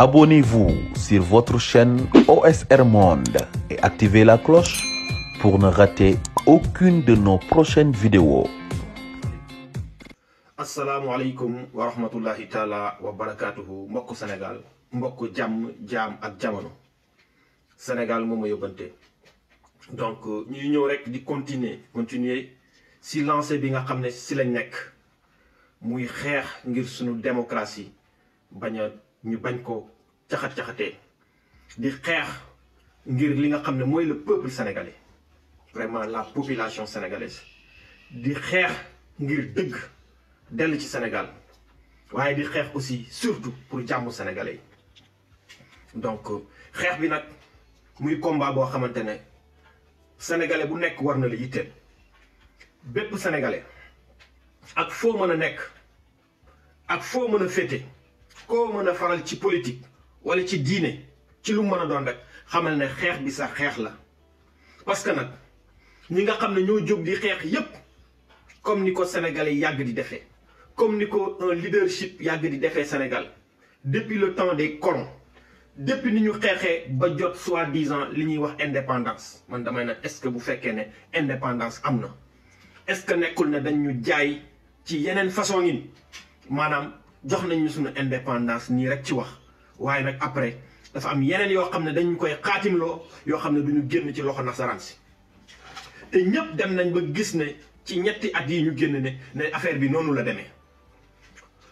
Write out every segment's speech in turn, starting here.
Abonnez-vous sur votre chaîne OSR Monde et activez la cloche pour ne rater aucune de nos prochaines vidéos. asalaamualeykum wa rahmatullahi taala wa mbokk Sénégal mbokk jàmm jaam ak jamono Sénégal moom ma yóbbante donc euh, ñuy ñëw rek di continuer continuer si lancé bi nga xam ne si lañ nekk muy xeex ngir sunu démocratie bañ a ñu bañ ko caxat-caxatee di xeex ngir li nga xam ne mooy le peuple sénégalais vraiment la population sénégalaise di xeex ngir dëgg dellu ci Sénégal waaye di xeex aussi surtout pour jàmm sénégalais donc xeex bi nag muy combat boo xamante ne sénégalais bu nekk war na la yitteel bépp sénégalais ak foo mën a nekk ak foo mën a féete koo mën a faral ci politique wala ci diine ci lu mën a doon rek xamal ne xeex bi sa xeex la parce que nag ñi nga xam ne ñoo jóg li xeex yëpp comme ni ko sénégalais yàgg di defee comme ni ko un leadership yàgg di defee Sénégal depuis le temps des colons depuis ni ñu xeexee ba jot soi-disant li ñuy wax indépendance man damay nag est-ce que bu fekkee ne indépendance am na est-ce que nekkul ne dañ jaay ci yeneen façon yi maanaam jox nañ ñu suñu indépendance nii rek ci wax waaye nag après dafa am yeneen yoo xam ne dañ koy xaatimloo yoo xam ne duñu génn ci loxo nasaraan si te ñëpp dem nañ ba gis ne ci ñetti at yi ñu génn ne ne affaire bi noonu la demee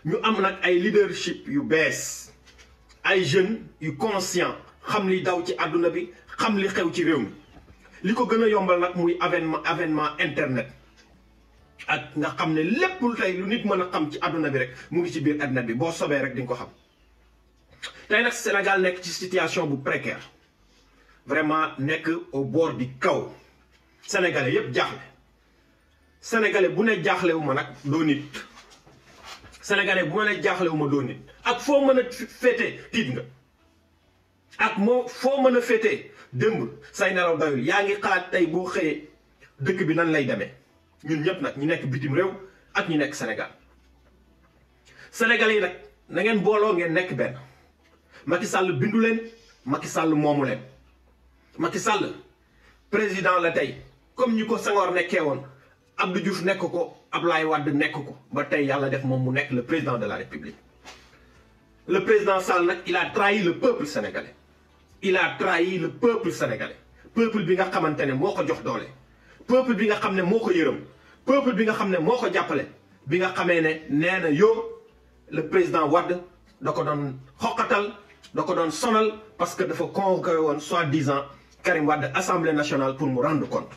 ñu am nag ay leadership yu bees ay jeunes yu conscient xam li daw ci àdduna bi xam li xew ci réew mi li ko gën a yombal nag muy avènement avènement internet ak nga xam ne lépp lu tey lu nit mën a xam ci àdduna bi rek mu ngi ci biir àdduna bi boo sobee rek di ko xam tey nag Sénégal nekk ci situation bu précaire vraiment nekk au bord du kaw sénégalais yépp jaaxle sénégalais bu ne jaaxlewu ma nag doo nit sénégalais bu ne jaaxlewu ma doo nit ak foo mën a féetee tiit nga ak moo foo mën a féete démb say nelaw doyul yaa ngi xalaat tey boo xëyee dëkk bi nan lay demee ñun ñëpp nag ñu nekk bitim réew ak ñu nekk Sénégal Sénégal yi nag na ngeen booloo ngeen nekk benn Macky Sall bindu leen Macky sàll moomu leen Macky Sall président la tey comme ñi ko Senghor nekkee woon Abdou Diouf nekk ko ab Ablaye Wade nekk ko ba tey yàlla def moom mu nekk le président de la République le président Sall nag il a trahi le peuple sénégalais il a trahi peuple sénégalais peuple bi nga xamante ne moo ko jox doole peuple bi nga xam ne moo ko yërëm peuple bi nga xam ne moo ko jàppale bi nga xamee ne nee na yow le président Wade da ko doon xoqatal da ko doon sonal parce que dafa convoqué woon soi-disant Karim Wade assemblée nationale pour mu rendre compte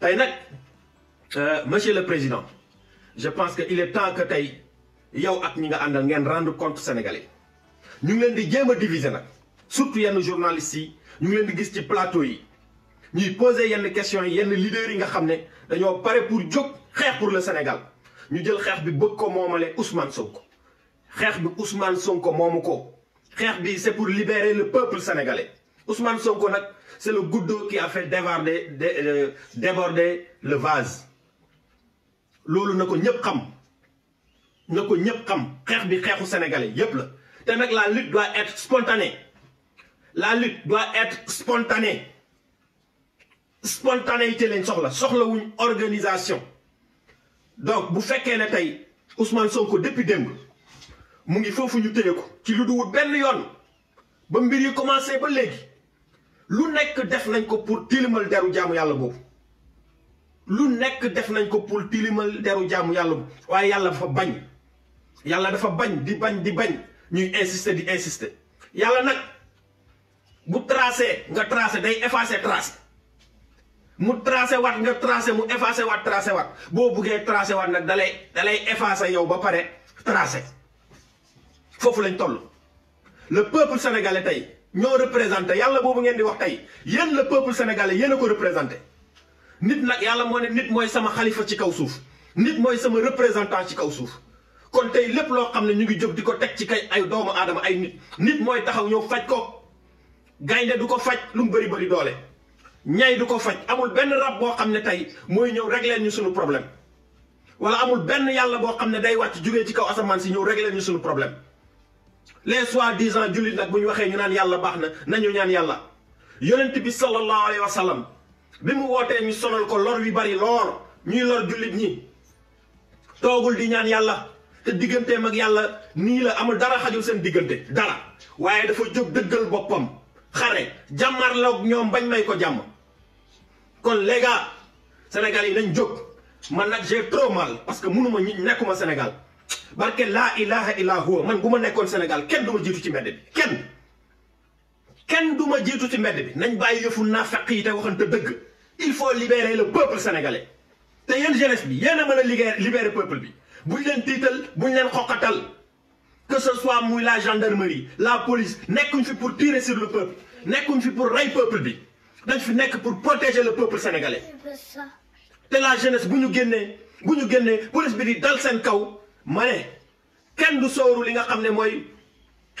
tey nag euh, monsieur le président je pense que il est temps que tey yow ak ñi nga àndal ngeen rendre compte sénégalais ñu ngi leen di jéem a diviser nag surtout yenn journalistes yi ñu ngi leen di gis ci plateau yi ñuy poser yenn questions yenn leaders yi nga xam ne dañoo pare pour jóg xeex pour le Sénégal ñu jël xeex bi bëgg ko moomale Ousmane ko xeex bi son ko moomu ko xeex bi c'est pour libérer le peuple sénégalais Ousmane ko nag c'est le goutte qui a fait euh, déborder le vase loolu na ko ñëpp xam na ko ñëpp xam xeex bi xeexu sénégalais yépp la te nag la lutte doit être spontanée la lutte doit être spontanée te lañ soxla soxlawuñ organisation donc bu fekkee ne tey Ousmane ko depuis démb mu ngi foofu ñu téye ko ci lu duwul benn yoon ba mbir yi commencé ba léegi lu nekk def nañ ko pour tilimal deru jaamu yàlla boobu lu nekk def nañ ko pour tilimal deru jaamu yàlla boobu waaye yàlla dafa bañ yàlla dafa bañ di bañ di bañ ñuy insister di insisté yàlla nag bu tracé nga tracé day effacer tracé mu tracé waat nga tracé mu effacé waat tracé waat boo buggee tracé waat nag dalay dalay effacé yow ba pare tracé foofu lañ toll le peuple sénégalais tey ñoo représenté yàlla boobu ngeen di wax tey yéen le peuple sénégalais yéen ko représenté nit nag yàlla moo ne nit mooy sama xalifa ci kaw suuf nit mooy sama représentant ci kaw suuf kon tey lépp loo xam ne ñu ngi jóg di ko teg ci kay ay doomu aadama ay nit nit mooy taxaw ñëw faj ko gaynde du ko faj lu mu bëri doole ñay du ko faj amul benn rab boo xam ne tey mooy ñëw régler ñu suñu problème wala amul benn yàlla boo xam ne day wàcc jógee ci kaw asamaan si ñëw régler ñu suñu problème les soi-disant jullit nag bu ñu waxee ñu naan yàlla baax na nañu ñaan yàlla yonent bi sallallahu alayhi wa sallam bi mu wootee ñu sonal ko lor wi bari lool ñuy lor jullit ñi toogul di ñaan yàlla te digganteem ak yàlla nii la amul dara xajul seen diggante dara waaye dafa jóg dëggal boppam xare jàmmarloog ñoom bañ may ko jàmm kon les gars Sénégal yi nañ jóg man nag j'ai trop mal parce que mënuma ñu nekkuma Sénégal barke la ilaha illa huwa man bu ma nekkoon Sénégal kenn du ma jiitu ci mbedd bi kenn kenn du ma jiitu ci mbedd bi nañ bàyyi naa naafeq yi te waxante dëgg il faut libérer le peuple sénégalais te yéen jeunesse bi yéen a mën a libérer libérer peuple bi buñ leen tiital buñ leen xoqatal que ce soit muy la gendarmerie la police nekkuñ fi pour tirer sur le peuple nekkuñ pour rey peuple bi dañ fi nekk pour protéger le peuple sénégalais te la jeunesse bu ñu génnee bu ñu génnee police bi di dal seen kaw ma kenn du sooru li nga xam ne mooy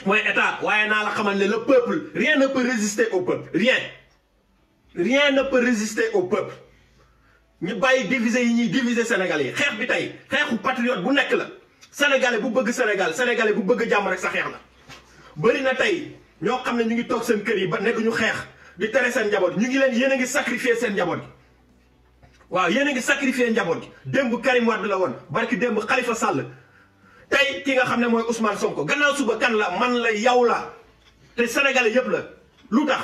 mooy état waaye naa la xamal ne le peuple rien ne peut résister au peuple rien rien ne peut résister au peuple ñu bàyyi diviser yi ñuy diviser Sénégal yi xeex bi tey xeexu patriote bu nekk la sénégalais bu bëgg Sénégal sénégalais bu bëgg jàmm rek sa xeex na bëri na tey ñoo xam ne ñu ngi toog seen kër yi ba nekk ñu xeex di tere seen njaboot ñu ngi leen yéen a ngi sacrifier seen njaboot gi waaw yéen a ngi sacrifier njaboot gi démb Karim Wade la woon barki démb Khalifa Sall tey ki nga xam ne mooy Ousmane ko gannaaw suba kan la man la yow la te sénégalais yëpp la lu tax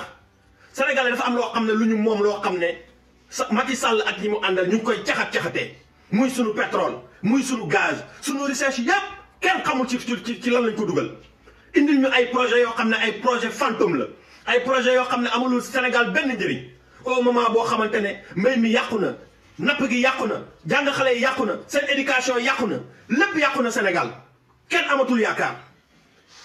sénégalais dafa am loo xam ne lu ñu moom loo xam ne sa Macky sàll ak ñi mu àndal ñu ngi koy caxat caxatee muy sunu pétrole muy sunu gaz sunu recherche yàpp kenn xamul ci ci ci lan lañ ko dugal indil ñu ay projet yoo xam ne ay projet fantôme la. ay projet yoo xam ne amulul Sénégal benn njëriñ au moment boo xamante ne mbay mi yàqu na napp gi yàqu na jàng xale yi yàqu na seen éducation yàqu na lépp yàqu na Sénégal kenn amatul yaakaar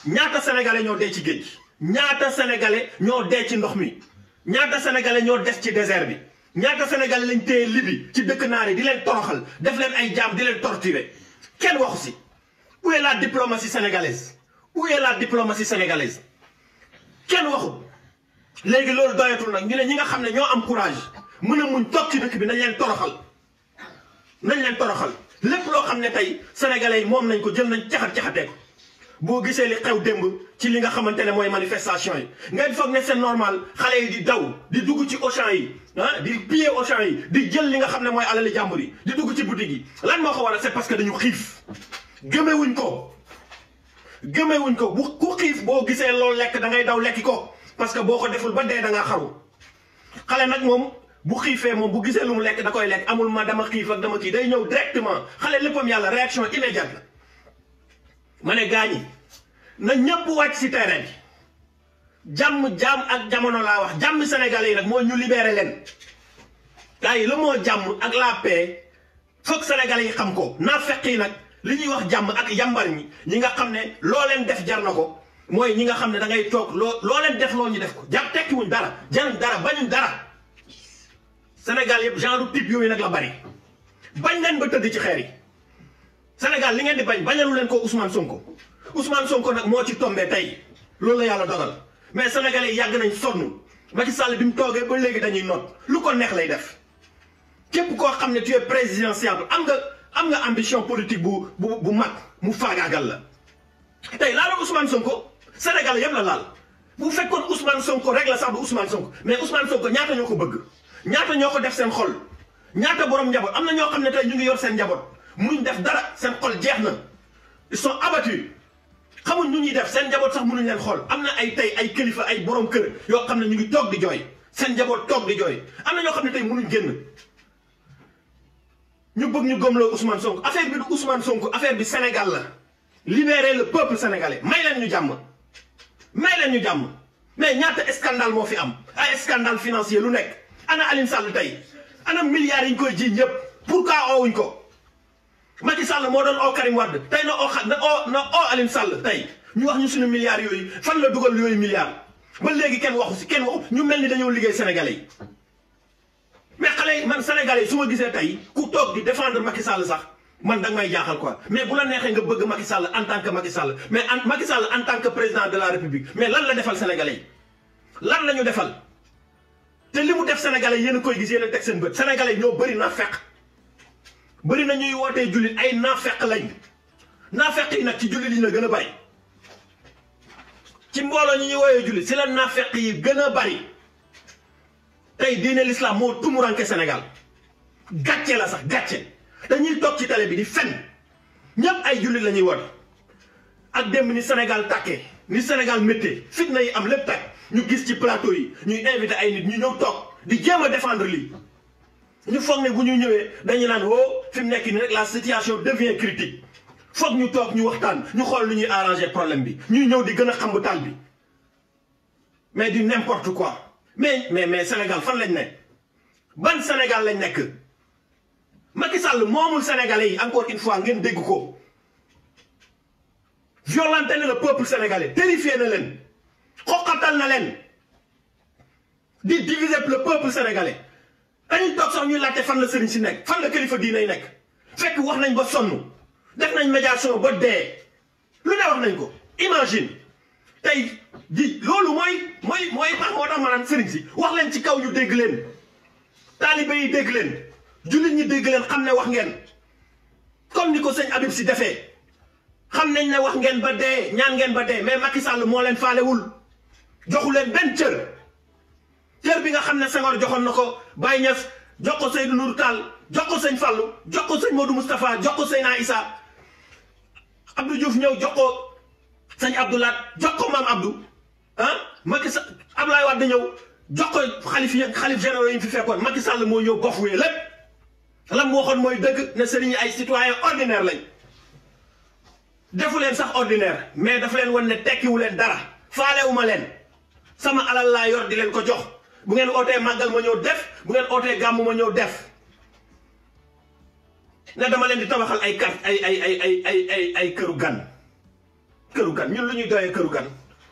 ñaata sénégalais ñoo dee ci géej ñaata sénégalais ñoo dee ci ndox mi ñaata sénégalais ñoo des ci désert bi ñaata sénégalais lañ téye libi ci dëkk naar di leen toroxal def leen ay jaam di leen torturer kenn waxu si où est la diplomatie sénégalaise où est la diplomatie sénégalaise kenn waxu léegi loolu doyatul nag ñu ñi nga xam ne ñoo am courage mu a muñ toog ci dëkk bi nañ leen toroxal nañ leen toroxal lekk loo xam ne tey sénégalais yi moom nañ ko jël nañ caxat caxatee boo gisee li xew démb ci li nga xamante ne mooy manifestation yi ngay foog ne seen normal xale yi di daw di dugg ci Auchan yi ah di piller Auchan yi di jël li nga xam ne mooy alali jàmbur yi di dugg ci boutique yi lan moo ko waral c'est parce que dañu xiif gëmewuñ ko gëmewuñ ko bu ku boo gisee loolu lekk da ngay daw lekki ko parce que boo ko deful ba dee da nga xaru xale nag moom bu xiifee moom bu gisee lu mu lekk da koy lekk amul ma dama xiif ak dama kii day ñëw directement xale léppam yàlla réaction immédiate la ma ne gaañi na ñëpp wàcc si terrain bi jàmm jàmm ak jamono laa wax jàmm sénégalais yi nag moo ñu libeere leen gars yi la moo jàmm ak la foog sénégalais yi xam ko naa fekk yi nag li ñuy wax jàmm ak yambar ñi ñi nga xam ne loo leen def jar na ko mooy ñi nga xam ne da ngay toog loo loo leen def loo ñu def ko jàpp tekkiwuñ dara jaruñ dara bañuñ dara Sénégal yëpp genre type yooyu nag la bari bañ leen ba tëdd ci xeer yi Sénégal li ngeen di bañ bañalu leen ko Ousmane Sonko Ousmane Sonko nag moo ci tombee tey loolu la yàlla dogal mais sénégalais yàgg nañ ma ci Sall bi mu toogee ba léegi dañuy noot lu ko neex lay def képp koo xam ne tu es présidentiable am nga am nga ambition politique bu bu bu mag mu faagaagal la tey la Ousmane Sonko. Sénégal yëpp na laal bu fekkoon Ousmane Sonko rek la sax du Ousmane Sonko mais Ousmane Sonko ñaata ko bëgg ñaata ñoo ko def seen xol ñaata borom njaboot am na ñoo xam ne tey ñu ngi yor seen njaboot mënuñ def dara seen xol jeex na ils sont abattus xamuñ ñuy def seen njaboot sax mënuñ leen xool am na ay tey ay kilifa ay borom kër yoo xam ne ñu ngi toog di jooy seen njaboot toog di jooy am na xam ne tey mënuñ génn ñu bëgg ñu gëmloo Ousmane Sonko affaire bi du Ousmane sonk affaire bi Sénégal la libérer le peuple sénégalais may leen ñu jàmm. may leen ñu jàmm mais ñaata scandale moo fi am ay scandale financier lu nekk ana Alioune Sall tey ana milliards yi ñu koy jiiñ pour pourquoi oowuñ ko Macky Sall moo doon oo Karim Wade tey na oo na oo na oo Alioune Sall tey ñu wax ñu suñu milliards yooyu fan la dugal yooyu milliards ba léegi kenn waxu si kenn waxu ñu mel ni dañoo liggéey Sénégalais yi mais xale man Sénégalais su ma gisee tey ku toog di défendre Macky Sall sax. man da nga may jaaxal quoi mais bu la neexee nga bëgg Macky Sall en tant que Macky Sall mais en Macky Sall en tant que président de la République mais lan la defal sénégalais yi lan la ñu defal te li mu def sénégalais yéen a koy gis yéen a teg seen bët sénégalais ñoo bëri naafeq bëri na ñuy wootee jullit ay naafeq lañ naafeq yi nag ci jullit yi la gën a bari ci mbooloo ñi woowee jullit si la naafeq yi gën a bari tey diine l'islam moo tumuranke Sénégal gàcce la sax gàcce. dañuy toog ci télé bi di fen ñëpp ay jullit la ñuy woote ak démb ni Sénégal tàkkee ni Sénégal méttee fitna yi am lépp tàkk ñu gis ci plateau yi ñuy invité ay nit ñu ñëw toog di jéem a défendre lii ñu foog ne bu ñu ñëwee dañu naan woo oh, fi mu nekk nii rek la situation devient critique foog ñu toog ñu waxtaan ñu xool lu ñuy arranger problème bi ñuy ñëw di gën a xambu tànn bi mais du n'importe quoi mais mais mais Sénégal fan lañ ne ban Sénégal lañ nekk. Macky Sall moomul sénégalais yi encore une fois ngeen dégg ko violenté na le peuple sénégalais terrifié na leen xoqatal na leen di diviser le peuple sénégalais dañuy toog sax ñuy laajte fan la sëriñ si nekk fan la kilifa diinay nekk fekk wax nañ ba sonn def nañ médiation ba dee lu ne wax nañ ko imagine tey di loolu mooy mooy mooy tax moo tax maanaam si wax leen ci kaw ñu dégg leen taalibe yi dégg leen jullit ñi dégg leen xam ne wax ngeen comme ni ko sëñ Habib si defee xam nañ ne wax ngeen ba dee ñaan ngeen ba dee mais Macky Sall moo leen faalewul joxu leen benn cër cër bi nga xam ne Senghor joxoon na ko Baye Niass jox ko Seydou Nourou Tall jox ko sëñ Fallou jox ko sëñ Modou Moustapha jox ko Seyna Issa Abdou Diouf ñëw jox ko sëñ Abdoulaat jox ko maam Abdou ah Macky Sall Abdoulaye Wade ñëw jox ko xalif yi xalif généraux yi fi fekkoon Macky Sall moo ñëw gox wee lépp. la mu waxoon mooy dëgg ne sëriñ ay citoyen ordinaire lañ defu leen sax ordinaire mais dafa leen wan ne tekkiwu leen dara faalewuma leen sama alal laa yor di leen ko jox bu ngeen ootee màggal ma ñëw def bu ngeen otee gàmmu ma ñëw def ne dama leen di tabaxal ay carte ay ay ay ay ay ay ay këru gan këru gan ñun lu ñuy doyee këru gan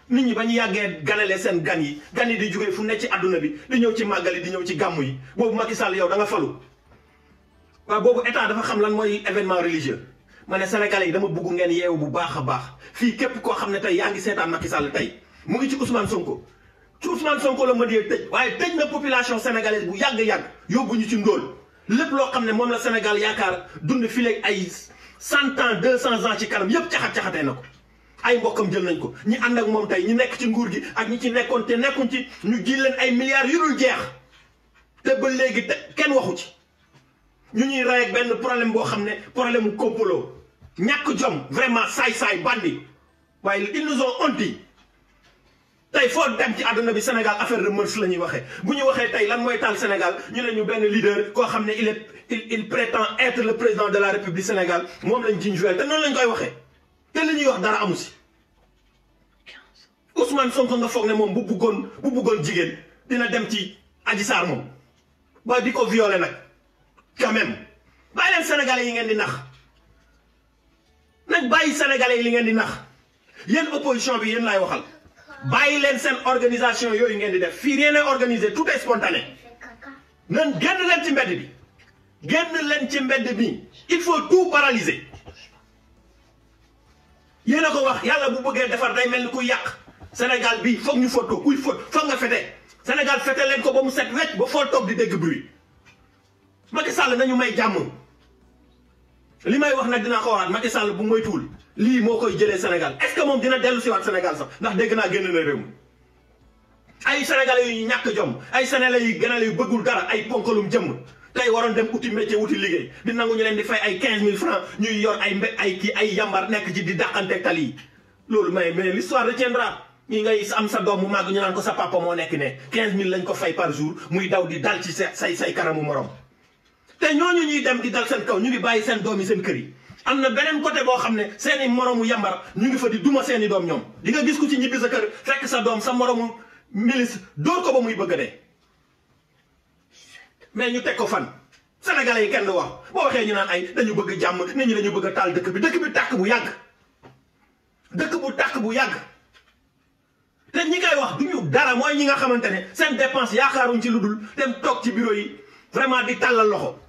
nit ñi ba ñu yàggee ganalee seen gan yi gan yi di jógee fu ne ci àdduna bi di ñëw ci màggal yi di ñëw ci gàmm yi boobu Macky Sall yow da nga falu waaw boobu état dafa xam lan mooy événement religieux ma ne sénégalais yi dama bugg ngeen yeewu bu baax a baax fii képp koo xam ne tey yaa ngi seetaan Macky Sall tey mu ngi ci Ousmane Sonko ci Ousmane Sonko la ma dee tëj waaye tëj na population sénégalaise bu yàgg-yàgg yóbbu ñu ci ndóol lépp loo xam ne moom la Sénégal yaakaar dund fileeg ay cent ans deux cent ans ci kanam yépp caxat-caxatee na ko ay mbokkam jël nañ ko ñi ànd ak moom tey ñi nekk ci nguur gi ak ñi ci nekkoon te nekkuñ ci ñu ji leen ay milliards yu jeex te ba léegi kenn waxu ci ñu ñuy rey benn problème boo xam ne problème mu complot ñàkk jom vraiment saay-saay bandi waaye ils nous ont honti tey foo dem ci àdduna bi Sénégal affaire de si la ñuy waxee bu ñu waxee tey lan mooy taal Sénégal ñu ne ñu benn leader koo xam ne il est il il le président de la République Sénégal moom lañ jiñ joué te noonu lañ koy waxee te li ñuy wax dara amu si Ousmane Sonko nga foog ne moom bu bëggoon bu bëggoon jigéen dina dem ci Adji Sarr moom ba di ko violé nag. quand même bàyyi yi ngeen di nax nañ bàyyi sénégalais yi li ngeen di nax yéen opposition bi yéen laay waxal bàyyi leen seen organisation yooyu ngeen di def fii rien n'est organisé tout est spontané nan génn leen ci mbedd bi génn leen ci mbedd bi il faut tout paralyser yéen a ko wax yàlla bu bëggee defar day mel ni kuy yàq Sénégal bi foog ñu foto kuy fot foog nga fete Sénégal fete leen ko ba mu set wecc ba foo toog di dëgg bruit Macky Sall nañu may jàmm li may wax nag dinaa ko waxaat Macky Sall bu moytuwul lii moo koy jëlee Sénégal est moom dina dellu si waat Sénégal sax ndax dégg naa génn na réew mi ay sénégalais yu ñàkk jom ay sénégalais yu gënal yu bëggul dara ay ponkalum jëmm tey waroon dem uti métier wuti liggéey di nangu ñu leen di fay ay 15000 francs ñuy yor ay mbé ay kii ay yambar nekk ci di dàqante tal yi loolu mais mais l'histoire retiendra ñi ngay am sa doom mu màgg ñu naan ko sa moo nekk ne 15000 lañ ko fay par jour muy daw di dal ci say say kanamu morom. te ñooñu ñuy dem di dal seen kaw ñu ngi bàyyi seen doom yi seen kër yi am na beneen côté boo xam ne seen i moromu yambar ñu ngi fa di duma seen i doom ñoom di nga gis ko ci ñibbi sa kër fekk sa doom sa moromu milice dóor ko ba muy bëgg de mais ñu teg ko fan sénégalais yi kenn du wax boo waxee ñu naan ay dañu bëgg jàmm nit ñu dañu bëgg a taal dëkk bi dëkk bi tàkk bu yàgg dëkk bu tàkk bu yàgg te ñi koy wax du ñu dara mooy ñi nga xamante ne seen dépense yaakaaruñ ci lu dul dem toog ci bureau yi vraiment di tàllal loxo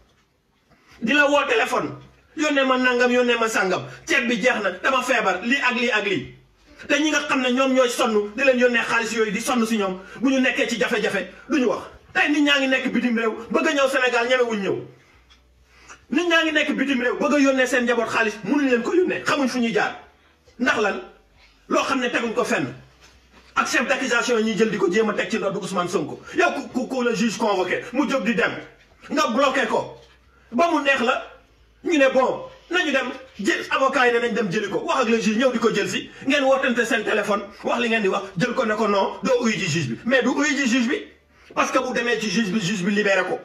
di la woo téléphone yónnee ma nangam yónnee ma sàngam ceeb bi jeex na dama feebar lii ak lii ak lii te ñi nga xam ne ñoom ñooy sonn di leen yónnee xaalis yooyu di sonn si ñoom bu ñu nekkee ci jafe-jafe du ñu wax tey nit ñaa ngi nekk bitim réew bëgg ñëw Sénégal ñemewuñ ñëw nit ñaa ngi nekk bitim réew bëgg yónnee seen njaboot xaalis mu mënuñ leen ko yónnee xamuñ fu ñuy jaar ndax lan loo xam ne teguñ ko fenn ak chef d'accusation yi ñuy jël di ko jéem teg ci ndodd Ousmane Sonko yow ku ku la juge convoqué mu jóg di dem nga bloqué ko ba mu neex la ñu ne bon nañu dem jël avocat yi ne nañ dem jëli ko wax ak le juge ñëw di ko jël si ngeen wootante seen téléphone wax li ngeen di wax jël ko ne ko non doo uyu ji juge bi mais du uyu ji juge bi parce que bu demee ci juge bi juge bi libéré ko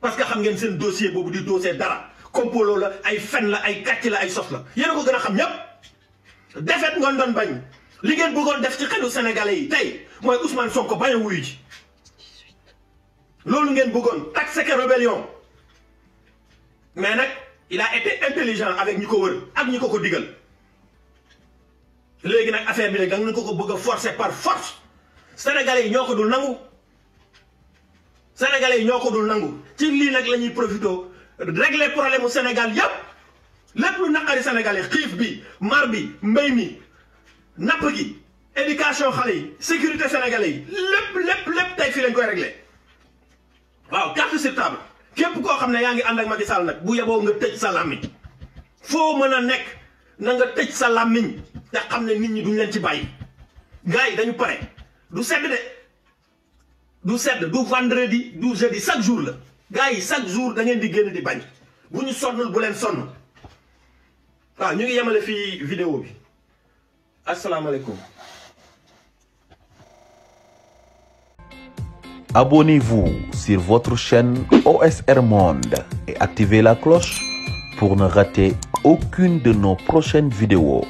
parce que xam ngeen seen dossier boobu di dossier dara complot la ay fen la ay kàcc la ay sos la yéen a ko gën a xam ñëpp defet ngoon doon bañ li ngeen bëggoon def ci xelu sénégalais yi tey mooy Ousmane Sonko bañ a wuyu ji loolu ngeen bëggoon taxe que rébellion mais nag il a été intelligent avec ñu ko wër ak ñi ko ko digal léegi nag affaire bi nag da nga ko ko bëgg a forcer par force sénégalais yi ñoo ko du nangu sénégalais yi ñoo ko dul nangu ci lii nag lañuy ñuy profité régler problème mu Sénégal yépp lépp lu naqari sénégalais xiif bi mar bi mbay mi napp gi éducation xale yi sécurité sénégalais yi lépp lépp lépp tey fii lañ koy régler waaw carte sur képp koo xam ne yaa ngi ànd ak Macky Sall nag bu yeboo nga tëj sa làmmiñ foo mën a nekk na nga tëj sa làmmiñ te ne nit ñi duñ leen ci bàyyi gars yi dañu pare du sedd de du sedd du vendredi du jeudi chaque jour la gaa yi chaque jour da ngeen di génn di bañ bu ñu sonnul bu leen sonn waaw ñu ngi yemale fii vidéo bi asalaamaaleykum Abonnez-vous sur votre chaîne OSR Monde et activez la cloche pour ne rater aucune de nos prochaines vidéos.